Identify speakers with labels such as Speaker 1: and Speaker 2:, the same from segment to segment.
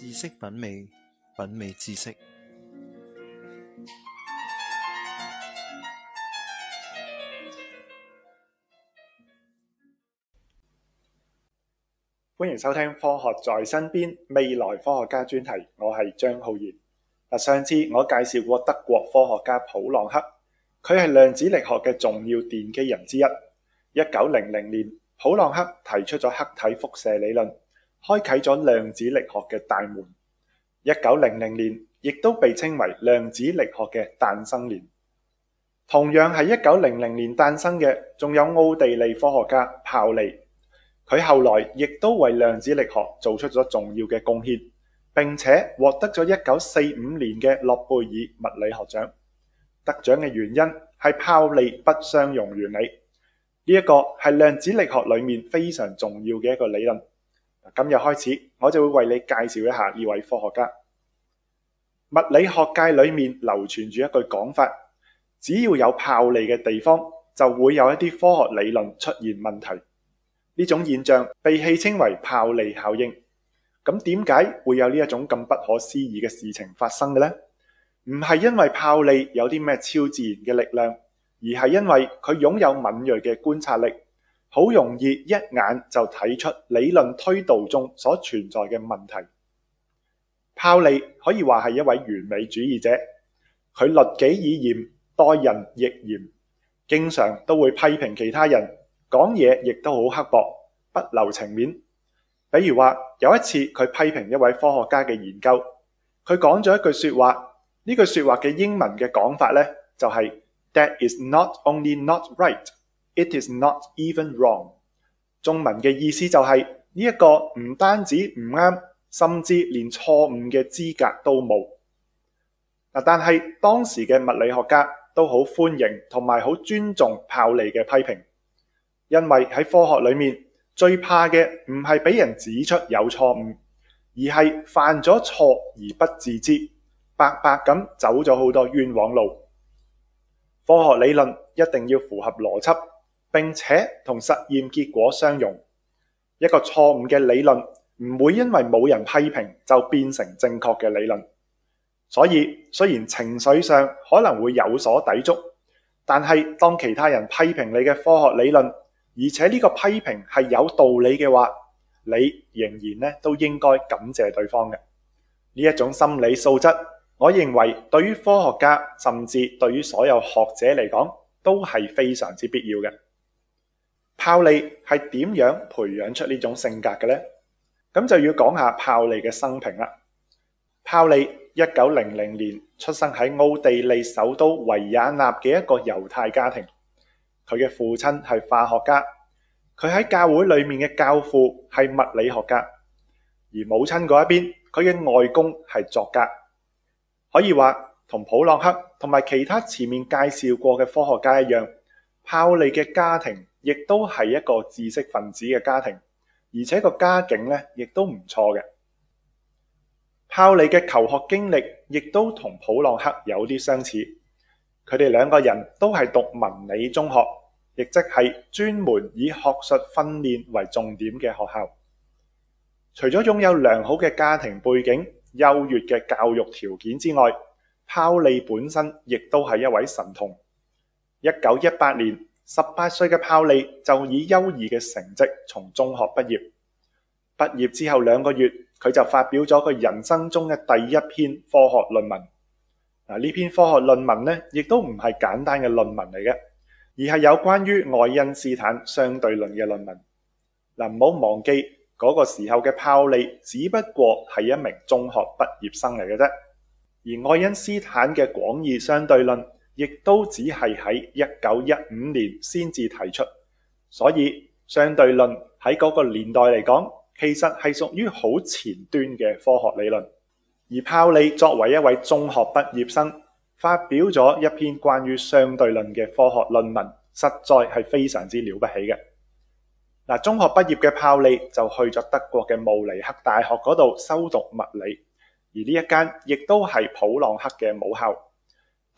Speaker 1: 知識品味，品味知識。歡迎收聽《科學在身邊》未來科學家專題，我係張浩然。嗱，上次我介紹過德國科學家普朗克，佢係量子力學嘅重要奠基人之一。一九零零年，普朗克提出咗黑體輻射理論。開啟咗量子力學嘅大門。一九零零年，亦都被稱為量子力學嘅誕生年。同樣係一九零零年誕生嘅，仲有奧地利科學家泡利。佢後來亦都為量子力學做出咗重要嘅貢獻，並且獲得咗一九四五年嘅諾貝爾物理學獎。得獎嘅原因係泡利不相容原理，呢一個係量子力學裏面非常重要嘅一個理論。今日開始，我就會為你介紹一下呢位科學家。物理學界裏面流傳住一句講法，只要有泡利嘅地方，就會有一啲科學理論出現問題。呢種現象被戲稱為泡利效應。咁點解會有呢一種咁不可思議嘅事情發生嘅呢？唔係因為泡利有啲咩超自然嘅力量，而係因為佢擁有敏銳嘅觀察力。好容易一眼就睇出理論推導中所存在嘅問題。泡利可以話係一位完美主義者，佢律己以嚴，待人亦嚴，經常都會批評其他人，講嘢亦都好刻薄，不留情面。比如話有一次佢批評一位科學家嘅研究，佢講咗一句說話，呢句說話嘅英文嘅講法呢，就係，就係 That is not only not right。It is not even wrong。中文嘅意思就係呢一個唔單止唔啱，甚至連錯誤嘅資格都冇。嗱，但係當時嘅物理學家都好歡迎同埋好尊重泡利嘅批評，因為喺科學裏面最怕嘅唔係俾人指出有錯誤，而係犯咗錯而不自知，白白咁走咗好多冤枉路。科學理論一定要符合邏輯。並且同實驗結果相容，一個錯誤嘅理論唔會因為冇人批評就變成正確嘅理論。所以雖然情緒上可能會有所抵觸，但係當其他人批評你嘅科學理論，而且呢個批評係有道理嘅話，你仍然呢都應該感謝對方嘅。呢一種心理素質，我認為對於科學家甚至對於所有學者嚟講，都係非常之必要嘅。泡利係點樣培養出呢種性格嘅呢？咁就要講下泡利嘅生平啦。泡利一九零零年出生喺奧地利首都維也納嘅一個猶太家庭。佢嘅父親係化學家，佢喺教會裏面嘅教父係物理學家，而母親嗰一邊佢嘅外公係作家，可以話同普朗克同埋其他前面介紹過嘅科學家一樣。泡利嘅家庭，亦都係一個知識分子嘅家庭，而且個家境呢亦都唔錯嘅。泡利嘅求學經歷亦都同普朗克有啲相似，佢哋兩個人都係讀文理中學，亦即係專門以學術訓練為重點嘅學校。除咗擁有良好嘅家庭背景，優越嘅教育條件之外，泡利本身亦都係一位神童。一九一八年，十八歲嘅泡利就以優異嘅成績從中學畢業。畢業之後兩個月，佢就發表咗佢人生中嘅第一篇科學論文。嗱，呢篇科學論文咧，亦都唔係簡單嘅論文嚟嘅，而係有關於愛因斯坦相對論嘅論文。嗱，唔好忘記嗰個時候嘅泡利只不過係一名中學畢業生嚟嘅啫，而愛因斯坦嘅廣義相對論。亦都只係喺一九一五年先至提出，所以相對論喺嗰個年代嚟講，其實係屬於好前端嘅科學理論。而泡利作為一位中學畢業生，發表咗一篇關於相對論嘅科學論文，實在係非常之了不起嘅。嗱，中學畢業嘅泡利就去咗德國嘅慕尼黑大學嗰度修讀物理，而呢一間亦都係普朗克嘅母校。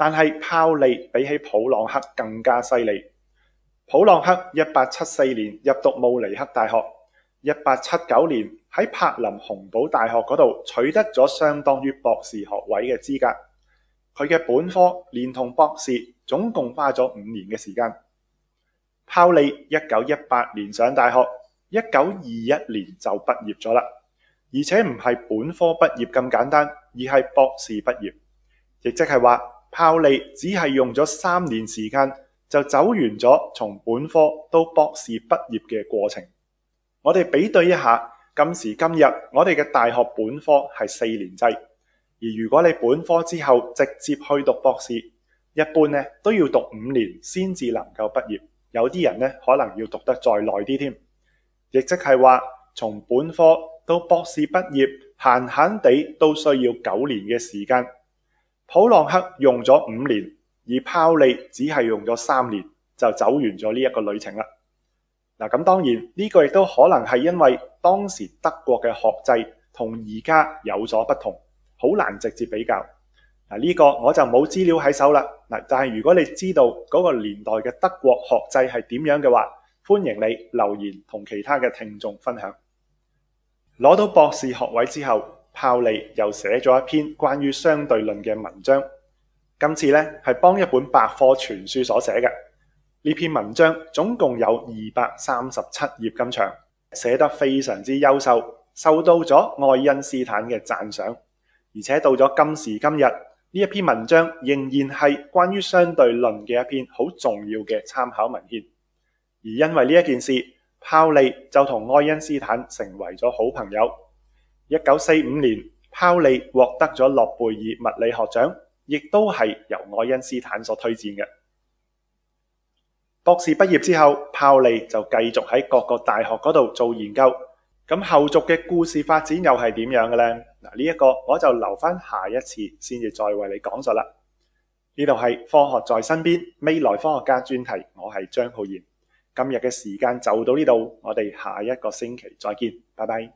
Speaker 1: 但係泡利比起普朗克更加犀利。普朗克一八七四年入讀慕尼黑大學，一八七九年喺柏林洪堡大學嗰度取得咗相當於博士學位嘅資格。佢嘅本科連同博士總共花咗五年嘅時間。泡利一九一八年上大學，一九二一年就畢業咗啦，而且唔係本科畢業咁簡單，而係博士畢業，亦即係話，泡利只係用咗三年時間就走完咗從本科到博士畢業嘅過程。我哋比對一下，今時今日我哋嘅大學本科係四年制，而如果你本科之後直接去讀博士，一般咧都要讀五年先至能夠畢業。有啲人咧可能要讀得再耐啲添，亦即係話從本科到博士畢業，閒閒地都需要九年嘅時間。普朗克用咗五年，而泡利只係用咗三年就走完咗呢一個旅程啦。嗱，咁當然呢個亦都可能係因為當時德國嘅學制同而家有所不同，好難直接比較。嗱，呢個我就冇資料喺手啦。嗱，但係如果你知道嗰個年代嘅德國學制係點樣嘅話，歡迎你留言同其他嘅聽眾分享。攞到博士學位之後，泡利又寫咗一篇關於相對論嘅文章，今次咧係幫一本百科全書所寫嘅。呢篇文章總共有二百三十七頁咁長，寫得非常之優秀，受到咗愛因斯坦嘅讚賞，而且到咗今時今日，呢一篇文章仍然係關於相對論嘅一篇好重要嘅參考文獻。而因為呢一件事，泡利就同愛因斯坦成為咗好朋友。一九四五年，泡利獲得咗諾貝爾物理學獎，亦都係由愛因斯坦所推薦嘅。博士畢業之後，泡利就繼續喺各個大學嗰度做研究。咁後續嘅故事發展又係點樣嘅呢？嗱，呢一個我就留翻下一次先至再為你講述啦。呢度係科學在身邊未來科學家專題，我係張浩然。今日嘅時間就到呢度，我哋下一個星期再見，拜拜。